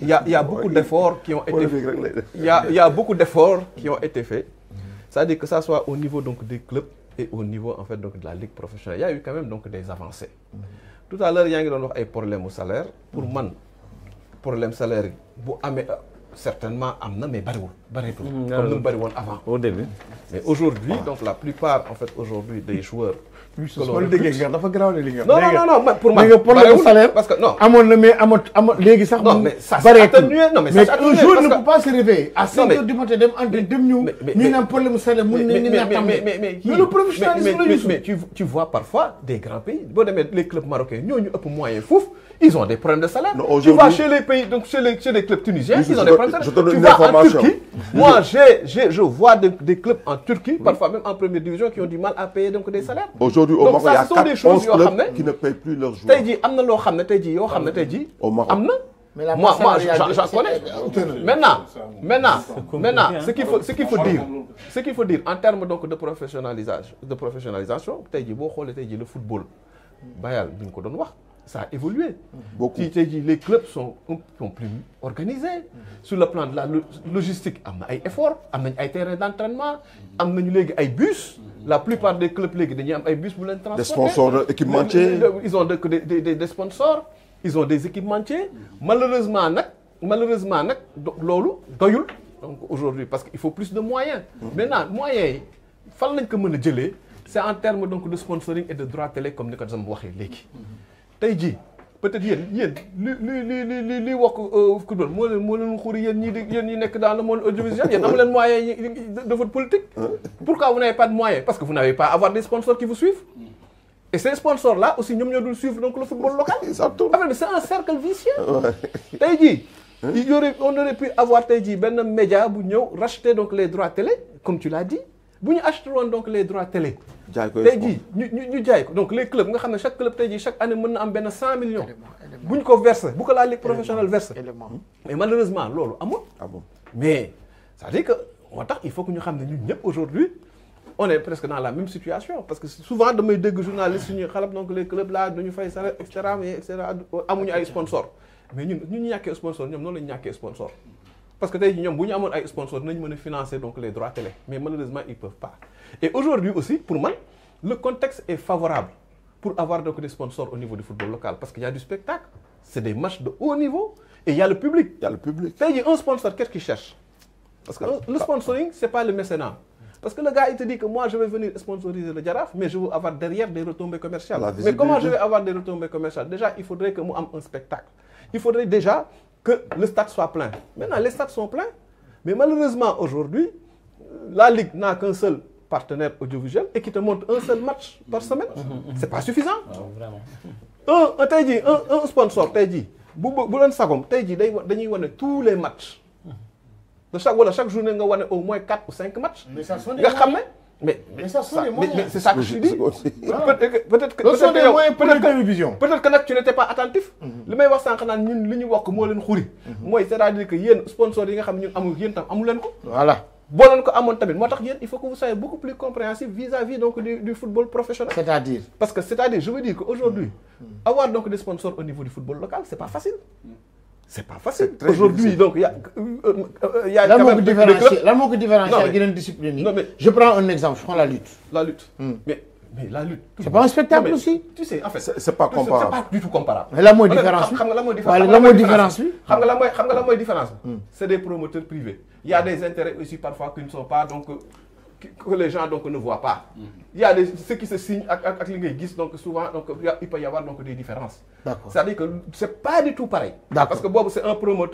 il y a, beaucoup d'efforts qui ont été faits. Il y a, beaucoup d'efforts qui ont été faits. C'est-à-dire que ça soit au niveau donc, des clubs et au niveau en fait, donc, de la ligue professionnelle. Il y a eu quand même donc, des avancées. Tout à l'heure, il y a eu des problèmes au salaire. Pour moi, problème salaire, certainement amna mais bariwul bareetul hmm, comme nous mu avant au début mais aujourd'hui donc la plupart en fait aujourd'hui des joueurs loolu dafa non non non mais pour moi nga salaire parce que non amoon na mais amoon amoon sax non mais ça c'est atténué non mais ça un jour ne peut pas se réveiller à 5 heures du matin dem entre dem ñu n'a mais problème salaire tam mais mais mais le professionnalisme mais tu tu vois parfois des grands pays bon les clubs marocains moi ëpp moyen fous ils ont des problèmes de salaire tu vois chez les pays donc chez les chez les clubs tunisiens je donne tu une information. En Turquie, moi, j'ai, je vois des, des, clubs en Turquie, parfois même en première division, qui ont du mal à payer donc, des salaires. Aujourd'hui, au Maroc, il y a des choses clubs qui ne payent plus leurs joueurs. Au Maroc. dit Amna. moi, moi j'en connais. Maintenant, maintenant, maintenant, ce qu'il faut, ce qu'il faut dire, ce qu'il faut dire en termes donc de professionnalisation, de professionnalisation, le football, Bayal, nous ça a évolué. Mhm. Beaucoup. Dit, les clubs sont, sont plus organisés. Mhm. Sur le plan de la logistique, il y a des efforts, il y a des terrains d'entraînement, il y a des bus. Mhm. La plupart des clubs ont des bus pour les transporter. Des sponsors équipementiers. Ils ont des, des, sponsors, ils ont des équipementiers. Malheureusement, malheureusement, donc aujourd'hui, parce qu'il faut plus de moyens. Maintenant, moyens, il faut que nous c'est en termes donc, de sponsoring et de droits comme dit tey peut-être yéen yéen li li li li li wax euh, football mo leen moo leen xuuri ñi dans le monde audiovisuel yéen amu moyen de votre politique hein? pourquoi vous n'avez pas de moyens parce que vous n'avez pas à avoir des sponsors qui vous suivent et ces sponsors là aussi ñom ñodul suivre donc le football local Mais c'est un cercle vicieux tey hein? on aurait pu avoir tey Ben média racheter donc les droits télé comme tu l'as dit si donc les droits télé. donc les clubs nous avons chaque club chaque année on na am millions. versé la ligue professionnelle versé. mais malheureusement c'est amul. mais ça veut dire que il faut que nous xam aujourd'hui on est presque dans la même situation parce que souvent deux journalistes, journalistes, nous xalab donc les clubs là nous fay salaire mais nous cetera sponsors mais sponsor nous avons parce que des gens avons sponsors nous financer donc les droits télé mais malheureusement ils peuvent pas et aujourd'hui aussi pour moi le contexte est favorable pour avoir donc des sponsors au niveau du football local parce qu'il y a du spectacle c'est des matchs de haut niveau et il y a le public. il y a le public Il y a un sponsor qu'est-ce cherche. parce que le sponsoring c'est pas le mécénat. Parce que le gars, il te dit que moi, je vais venir sponsoriser le Giraffe, mais je veux avoir derrière des retombées commerciales. Mais comment je vais avoir des retombées commerciales Déjà, il faudrait que moi, un spectacle. Il faudrait déjà que le stade soit plein. Maintenant, les stades sont pleins. Mais malheureusement, aujourd'hui, la Ligue n'a qu'un seul partenaire audiovisuel et qui te montre un seul match par semaine. C'est pas suffisant. Ah, un, un, un sponsor, dit, tous les matchs. De chaque, voilà, chaque journée, on a au moins 4 ou 5 matchs. Mais ça sonne. Mais, ça, c'est ça que je dis. Ah. Peut-être peut que. que tu n'étais pas attentif. Mm-hmm. Le may wax que nous ñun mm-hmm. c'est-à-dire que y sponsors yi nga xam ne ñun amul voilà il faut que vous soyez beaucoup plus compréhensif vis-à-vis donc du football professionnel. c'est-à-dire. parce que c'est-à-dire je veux dire qu'aujourd'hui, mm-hmm. avoir donc des sponsors au niveau du football local ce n'est pas facile. C'est pas facile. Aujourd'hui, donc, il y a, euh, euh, y a la quand différence La une discipline. mais, je prends un exemple, je prends la lutte. La lutte. Hmm. Mais, mais la lutte. C'est pas un spectacle aussi Tu sais, en fait. C'est pas comparable. C'est pas du tout comparable. Mais la moindre différence. La moindre différence. La différence. C'est des promoteurs privés. Il y a des intérêts aussi parfois qui ne sont pas. Donc, euh, que les gens donc, ne voient pas. Mhm. Il y a ceux qui se signent avec les guises, donc souvent, donc, il peut y avoir donc, des différences. C'est-à-dire que ce n'est pas du tout pareil. Parce que Bob, c'est un promoteur.